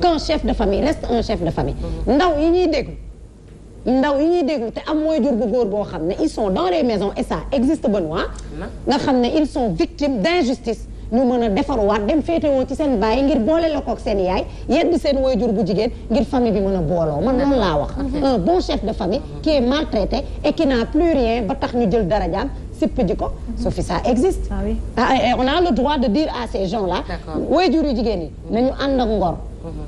qu'un chef de famille reste un chef de famille ndaw yi ñuy déglu ndaw yi ñuy déglu te am mooy jur bu góor boo xam ne ils sont dans les maisons et ça existe Benoît nga xam ne ils sont victimes d'injustice ñu mën a defar defarwaat dem féetewoo ci seen bàyyi ngir boole la kook seen yaay yedd seen waajur bu jigéen ngir famille bi mën a booloo man loolu laa wax mhm. un bon chef de famille mhm. qui est maltraité et qui n'a plus rien ba tax ñu jël darajaam sipp ji ko mhm. su fi ça existe ah, ah a le droit à ces gens là jigéen yi nañu ànd ak ngor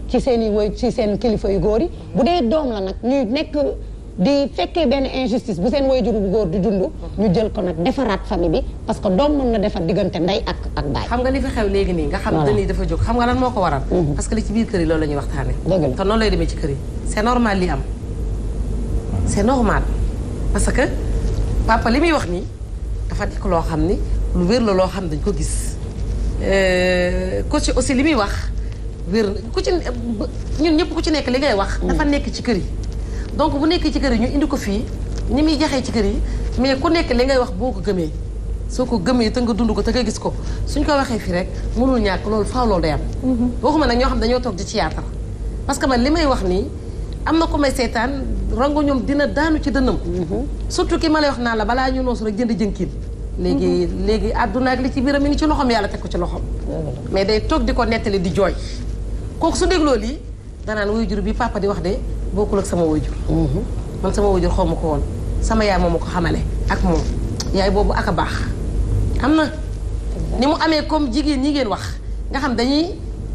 ci seen i woy ci kilifa yu góor yi bu dee doom la nag ñuy nekk di fekkee benn injustice bu seen waajur bu góor di dund ñu jël ko nag defaraat famille bi parce que doom mën na defar diggante ndey ak ak baay xam nga li fi xew léegi nii nga xam nii dafa jóg xam nga lan moo ko waral mhm. parce que li ci biir kër yi loolu la ñuy waxtaane te noonu lay demee ci kër yi c'est normal li am c'est normal parce que papa li muy wax nii dafa nekk loo xam ni lu wér la loo xam dañ ko gis euh, coach aussi li muy wax wér na ku ci ñun ñëpp ku ci nekk li ngay wax. dafa mm. nekk ci kër yi. donc bu nekkee ci kër yi ñu indi ko fii ni muy jaxee ci kër yi mais ku nekk li ngay wax boo ko gëmee soo ko gëmee te nga dund ko te nga gis ko suñ ko waxee fii rek mënul ñàkk loolu faaw loolu day am. Mm-hmm. waxuma nag ñoo xam dañoo toog di théâtre parce que man li may wax nii am na ku may seetaan rango ñoom dina daanu ci dënnam. Mm-hmm. surtout ki ma lay wax naa la balaa ñu noosu rek jënd jënkiin. léegi mm-hmm. léegi àdduna ak li ci biiram mi ngi ci loxoom yàlla teg ko ci loxoom. mais day toog di ko nettali di jooy. kooku su dégloo lii danaan waajur bi papa di wax de bokkul ak sama waajur mhm. man sama waajur xaw ma ko woon sama yaay moom ma ko xamale ak moom yaay boobu ak a baax am na ni mu amee comme jigéen ñi ngeen wax nga xam dañuy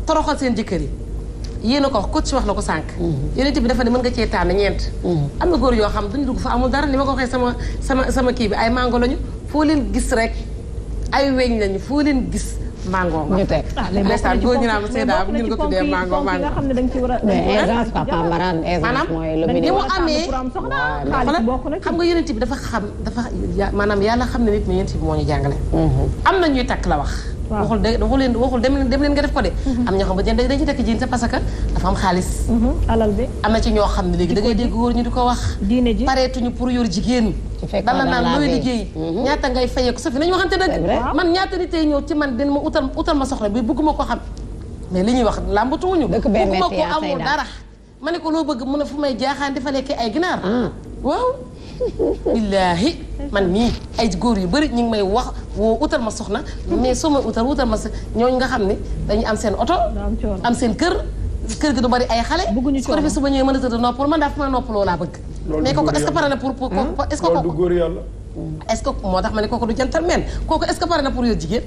toroxal seen jëkkër yi yéen a ko wax coach wax la ko sànq mhm. yonent bi dafa ne mën nga cee tànn ñeent mhm. am na góor yoo xam duñu dugg fa amul dara ni ma ko waxee sama sama sama kii bi ay mango lañu foo leen gis rek ay weñ lañu foo leen gis mango ñu teg ndeysaan góor ñu naan Seyda xam nga ci war a mais aisance mu amee xam nga yeneen bi dafa xam dafa maanaam yàlla xam ne nit ñi yeneen bi moo ñu jàngale mm-hmm. am na ñuy takk la wax waxul de waxul leen waxul dem leen dem leen nga def ko de mm-hmm. am ñoo xam ba dañ ci tekk jiin sa parce que dafa am xaalis mm-hmm. alal am na ci ñoo xam ne léegi da ngay dégg góor ñu di ko wax pareetuñu pour yor jigéen dama naan looy liggéey mhm. ñaata ngay fayee ko sa fi nañu te dëgg man ñaata nit tey ñëw ci man din ma utal utal ma soxla bi bëgguma ko xam mais li ñuy wax làmbatuwuñu bëgguma ko amul dara ma ne ko loo bëgg mun a fu may jaaxaan defa lekk ay ginaar ah. waaw billaahi man mii ay góor yu bëri ñu ngi may wax woo utal ma soxna mais soo may utal utal ma sa ñooñu nga xam ni dañu am seen oto am seen kër kër gi du bari ay xale su ko defee suba ñëwee mën a tëdd noppal man noppaloo laa bëgg loolu mais ko est-ce que pare pour pour. Hmm? est-ce que kooku loolu du góor yàlla. Hmm. est-ce que moo tax ma ne kooku du gentleman kooku est-ce que pour yow jigéen.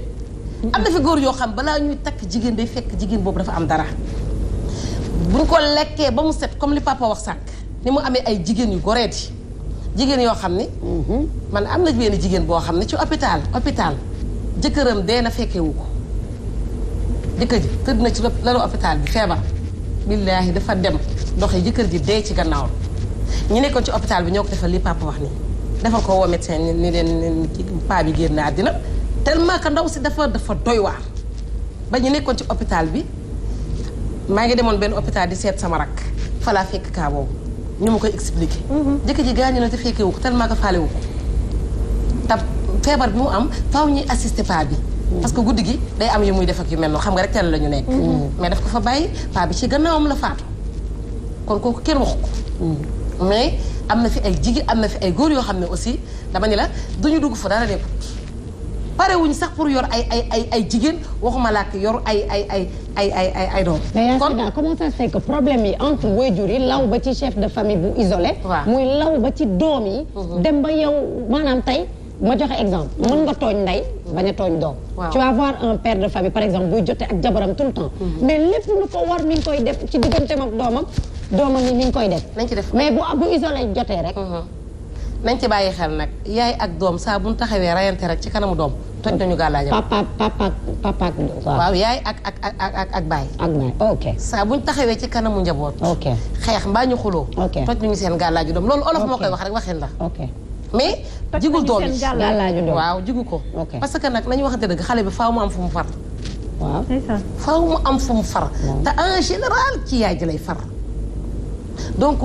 am na fi góor yoo xam balaa ñuy takk jigéen day fekk jigéen boobu dafa am dara. ko lekkee ba mu set comme li papa sànq ni mu amee ay jigéen yu goreeti jigéen yoo xam ne. Hmm. man am na benn jigéen boo xam ne ci hôpital hôpital jëkkëram dee na fekkewu ko jëkkër ji tëdd na ci lalu hôpital bi feebar. billaahi dafa dem ndox yi jëkkër ji dee ci gannaawam. ñi nekkoon ci hôpital bi ñoo ko defal li papa wax nii dafa ko woo médecin ni leen paa bi génn na àddina tellement que ndaw si dafa dafa doy waar ba ñu nekkoon ci hôpital bi maa ngi demoon benn hôpital di seet sama rak falaa fekk kaa boobu ñu ma koy expliqué. Mhm. jëkk ji gaañu na te fekkee wu ko tellement que faale ko tab feebar bi mu am faaw ñuy assister paa bi. Mhm. parce que guddi gi day am yu muy def ak yu mel noonu xam nga rek teel la ñu nekk. Mhm. mais daf ko fa bàyyi paa bi ci gannaawam la faatu kon kooku kenn waxu ko. mais am na fi ay jigéen am na fi ay góor yoo xam ne aussi dama ni la duñu dugg fa dara nekkut pare wuñ sax pour yor ay ay ay ay jigéen waxuma la ak yor ay ay ay ay ay ay ay doom. kon mais comment ça se fait que problème yi entre waajur yi law ba ci chef de famille bu isolé. muy law ba ci doom yi. Mhm. dem ba yow maanaam tey ma joxe exemple. Mhm. mën nga tooñ ndey bañ a tooñ doom. tu vas voir un père de famille par exemple buy jotee ak jabaram tout temps. Mhm. mais lépp lu ko war mi koy def ci digganteem ak doomam. doomam yi ñu koy def. nañ ci def mais bu bu isolé jotee rek. nañ ci bàyyi xel nag yaay ak doom saa bu ñu taxawee rayante rek ci kanamu doom toj nañu gàllaaj. papa papa papa waaw yaay ak ak ak ak ak baay. ak baay ok. saa bu ñu taxawee ci kanamu njaboot. ok xeex mbaa ñu xuloo. ok toj nañu seen gàllaaju doom loolu olof moo koy wax rek waxin la. ok mais jigul doom yi waaw jigu ko. parce que nag nañu waxante dëgg xale bi faaw mu am fu mu far. waaw faaw mu am fu mu far. te en général ci yaay ji lay far. donc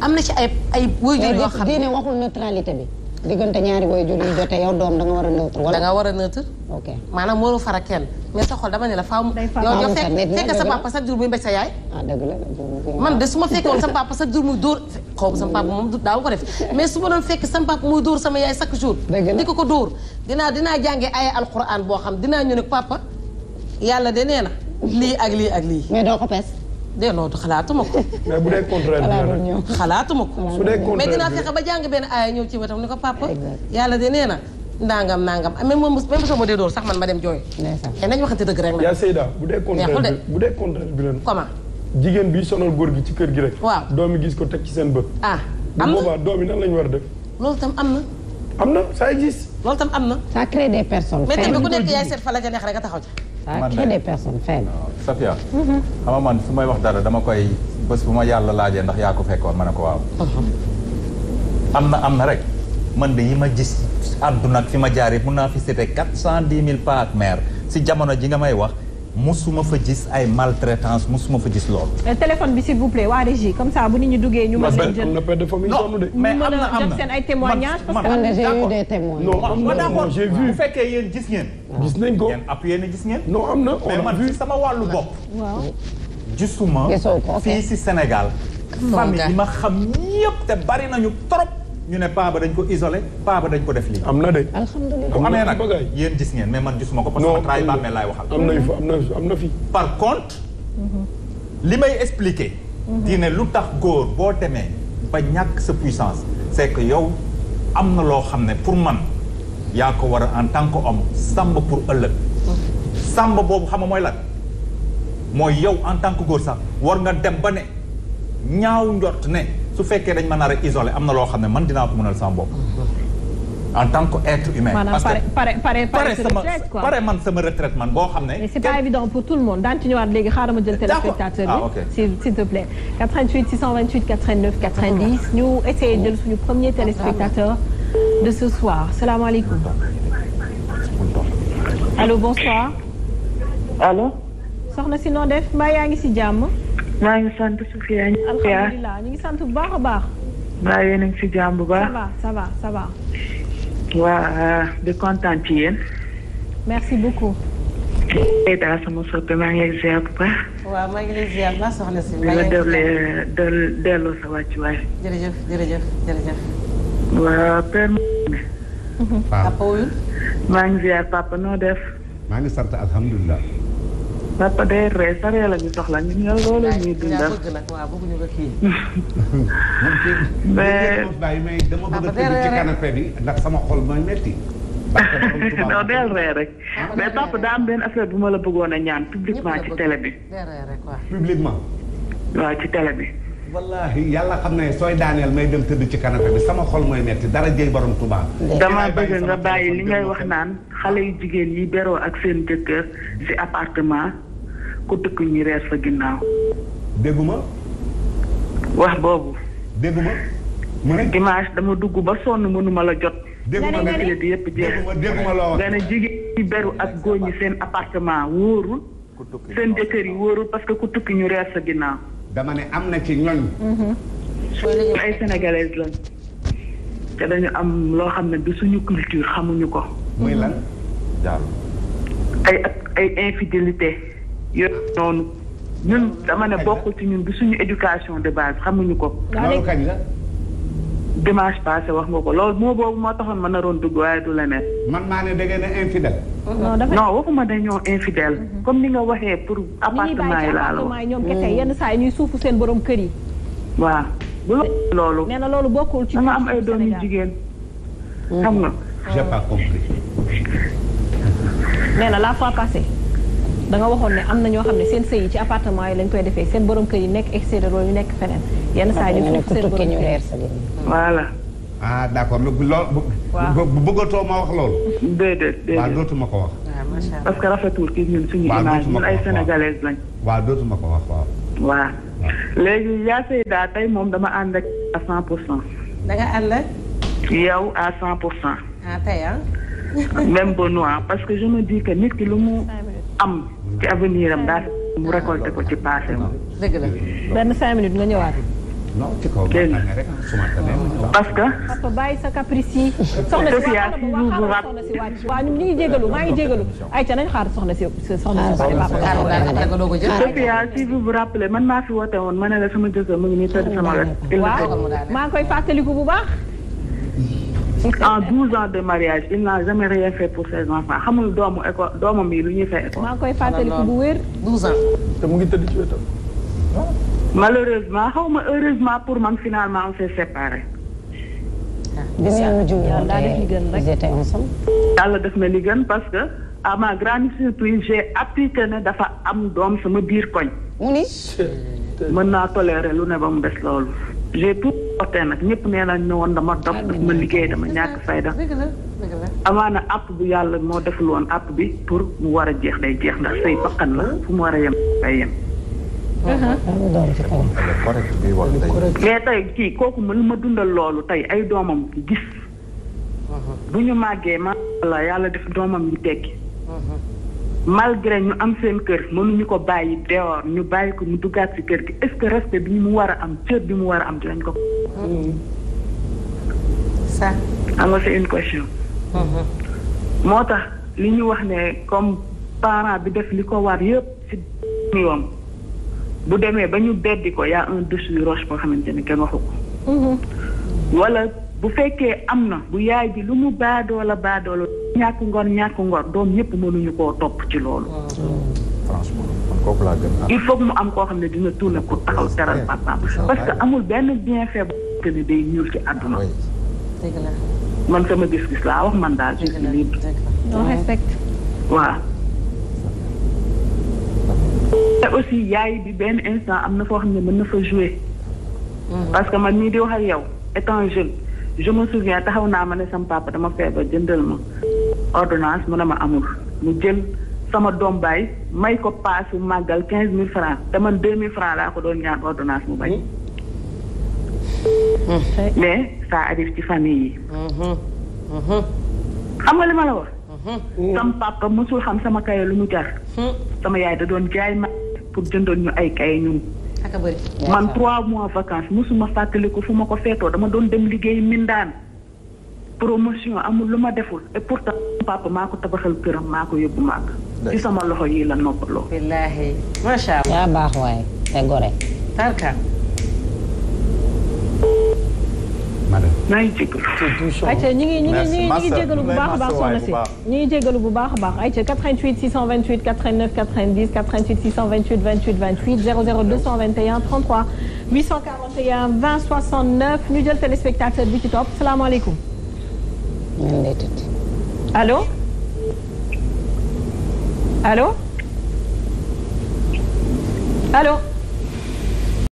am na ci ay ay waajur yoo xam ne diine waxul neutralité bi diggante ñaari waajur yu jotee yow doom da war a neutre wala da war a neutre ok maanaam waru fara kenn mais sa dama ne la faaw yow yow fekk fekk sa papa sa yaay ah, man ma fekkoon sama papa chaque jour muy dóor xaw ma sama papa moom daaw ko def mais su ma doon fekk sama papa muy dóor sama yaay chaque jour di ko ko dóor dinaa dinaa jàngee ay alquran boo xam dinaa ñu ne papa yàlla de nee na lii ak lii ak lii mais doo ko pes dee nootu xalaatuma ko. mais bu dee contraire bi xalaatuma ko. su dee mais dinaa fexe ba jàng benn aaya ñëw ci wetam ni ko papa. yàlla de nee na nangam nangam ah, même moom même soo ma dee dóor sax man ma dem jooy. te nañu waxante dëgg rek nag. yaa Seyda bu dee contraire bi bu dee contraire bi leen. comment. jigéen bi sonal góor gi ci kër gi rek. waaw doom yi gis ko teg ci seen bët. ah am na bu boobaa doom yi nan la ñu war a def. loolu tam am na. am na ça existe. loolu tam am na. ça crée des personnes. mais tamit ku nekk yaay seet fa la ca neex rek a taxaw ca ah kii des personnes faibles. Ah, Safia. Mm-hmm. xam nga man su may wax dara dama koy bés bu ma yàlla laajee ndax yaa ko fekkoon ma ne ko waaw. Uh-huh. am na am na rek man de yi ma gis àdduna ak fi ma jaar yëpp mun naa fi citer quatre cent dix mille part maire si jamono ji nga may wax musuma fa gis ay maltraitance musuma fa gis loolu. Euh, téléphone bi s'il vous plaît waa Régie comme ça bu nit ñi duggee ñu mën leen jël am na père de famille sonn de. mais am na am parce que man j'ai eu des témoins. non am na non j'ai vu bu fekkee yéen gis ngeen. gis nañ ko na gis ngeen. non am sama wàllu bopp. waaw gisuma. trop. ñu ne paaba dañ ko isolé paaba dañ ko def lii. am na de. alhamdulilah bu amee yéen gis ngeen mais man gisuma ko. parce que ma trahi ba amee laay waxal. am na am na am na fi. par contre. li may expliquer. di ne lu tax góor boo demee ba ñàkk sa puissance. c'est que yow am na loo xam ne pour man yaa ko war a en tant que homme sàmb pour ëllëg. sàmb boobu xam nga mooy lan mooy yow en tant que góor sax war nga dem ba ne ñaaw njort ne. su fekkee dañ ma nar a isolé am na xam ne man dinaa ko mënal sama bopp. en tant que être man boo xam ne. mais c'est pas évident pour tout le monde daan ci ñëwaat léegi xaaral ma jël téléspectateur bi. Ah, s'il te plaît. 88 628 89 90 ñu essayé jël de ce yaa ngi si jàmm. maa ngi sant Soufiane. alhamdulilah ñu ngi sant bu baax a baax. mbaa yéen a ngi si jàmm bu baax. ça va ça va waa di kontaan ci yéen. merci beaucoup. Aida sama soppe maa ngi lay ziar bu baax. waaw maa ngi lay ziar bu baax soxna si. maa ngi lay dellee del delloo sa waa père. waaw papa wuyu. maa ngi ziar noo def. maa ngi sant alhamdulilah. papa day ree sa ree la ñu soxla ñun ñoo loolu ñuy dundal. waaw bëgguñu ko kii. mais mais dama bëgg a tëdd ci canapé bi ndax sama xol mooy metti. non del ree rek. mais papa daa am benn affaire bu ma la bëggoon a ñaan publiquement ci télé bi. publiquement. waaw ci télé bi. wallahi yàlla xam ne sooy daaneel may dem tëdd ci canapé bi sama xol mooy metti dara jëy borom Tuubaa dama bëgg nga bàyyi li ngay wax naan xale yu jigéen yi beroo ak seen jëkkër ci appartement ku tukki ñu rees sa ginnaaw. dégguma. wax boobu. dégguma. mu dama dugg ba sonn mënuma la jot. dégguma la di yëpp jeex dégguma la wax nga ne jigéen ñi beru ak góor ñi seen appartement wóorul. seen jëkkër yi wóorul parce que ku tukki ñu rees sa ginnaaw. dama ne am na ci ñoñ. Mm-hmm. ay sénégalaises lañ. te dañu am loo xam ne du suñu culture xamuñu ko. ay ay infidélité yooyu noonu ñun dama ne bokk ci ñun bi suñu éducation de base xamuñu ko. loolu kañ la. dimanche passé wax nga ko loolu moo boobu moo taxoon ma naroon dugg waaye du la ne. man maa ne da ngeen a infidèle. non dafa non waxuma dañoo infidèle. Mhm. comme ni nga waxee pour appartement yi laa la wax. ñoom kese mm. yenn saa yi ñuy suufu seen borom kër yi. waaw bu loolu. nee na loolu bokkul ci dama am ay doom yu jigéen. Mhm. xam na j'ai na la fois passée. da nga waxoon ne am na ñoo xam ne seen sëy yi ci appartement yi lañ koy defee seen borom kër yi nekk extérieur yu nekk feneen yenn saa yi ñu seen borom kër voilà ah d'accord mais loolu bu bëggatoo ma wax loolu déedéet déedéet waaw dootuma ko wax parce que rafetul kii ñun suñu image ñun ay sénégalaise lañ waaw dootuma ko wax waaw waaw léegi yaa Seyda tey moom dama ànd ak à cent pour cent da nga ànd ak yow à cent pour cent ah tey ah même Benoît parce que je me dis que nit ki lu mu am ci avenir am daal mu récolté ko ci passé moom. dëgg la benn cinq minutes nga ñëwaat. non ci kaw que. bàyyi sa caprice yi. soxna si waaw soxna si wàcc. waaw ñu ngi jégalu maa ngi jégalu. ayca nañu xaar soxna si soxna si ah, papa. Sophia si vous vous rappelez man maa fi woote woon ma ne la sama jëkkër mu ngi nii tëdd sama wet. waaw maa koy fàttaliku bu baax. en douze ans de mariage il n'a jamais rien fait pour ses enfants xamul doomu école doomam yi lu ñuy fay école. maa koy fàttaliku bu wér. douze ans. mu ngi tëdd ci wetam. malheureusement xaw ma heureusement pour man finalement on s'est séparés. Ah, yàlla def na li gën parce que à ma grande surprise j'ai appris que ne dafa am doom sama biir koñ. mu ni. mën naa tolérer lu ne ba mu des loolu j'ai tout. ootee nag ñépp nee nañ ne woon dama dof daf ma liggéey dama ñàkk fayda amaana àpp bu yàlla moo deful woon àpp bi pour mu war a jeex day jeex ndax say bakkan la fu mu war a yem day yem mais kii kooku mën ma dundal loolu tey ay doomam gis bu ñu màggee ma la yàlla def doomam yi tekki malgré ñu am seen kër mënuñu ko bàyyi dehors ñu bàyyi ko mu duggaat ci kër gi est-ce que respect bi mu war a am cër bi mu war a am nañ ko. Mm-hmm. ça. xam nga c'est mm-hmm. moo tax li ñu wax ne comme parent bi def li ko war yëpp ci bu demee ba ñu beddi ko y'a un dessus roche boo xamante ni kenn waxu ko. Mm-hmm. wala bu fekkee am na bu yaay ji lu mu baadoola baadoola. ñàkk ngor ñàkk ngor doom ñëpp ñu koo topp ci loolu. Mm. il faut mu am koo xam ne dina tourné pour taxaw teral papaam parce que amul benn bienfait que ne day ñuul ci àdduna. man sama gis-gis laa wax man daal je libre. non aussi yaay bi benn instant am na foo xam ne mën na fa jouer. Mm. parce que man nii di wax ak yow étant jeune je me taxaw naa ma ne sama dama feebar jëndal ma. ordonance mu ne ma amul mu jël sama doom baay may ko paasu màggal quinze mille francs te man deux mille francs laa ko doon ñaan ordonnance mu bañ hmm. Hmm. mais ça arrive ci famille yi hmm. xam nga li ma la wax sama papa mosul xam sama kaye lu mu jar sama yaay da doon jaay ma pour jëndoon ñu ay kaye ñun man trois mois vacances mosuma fàttaliku fu ma ko feetoo dama doon dem liggéey mindaan promotion amul lu ma deful et pourtant papa maa ko tabaxal këram maa ko yóbbu màgg ci sama loxo yi la noppaloo. wallaahi macha allah. yaa baax waaye te gore. tarka. madame. maa ngi jégalu. ayca ñu ngi ñu ngi ñu ngi jégalu bu baax a baax soxna si. ñu ngi jégalu bu baax a baax ayca 88 628 89 90 88 628 28 28 00 221 33 841 20 69 ñu jël téléspectateur bi ci to salaamaaleykum. ñu ngi lay tëdd. allo allo allo.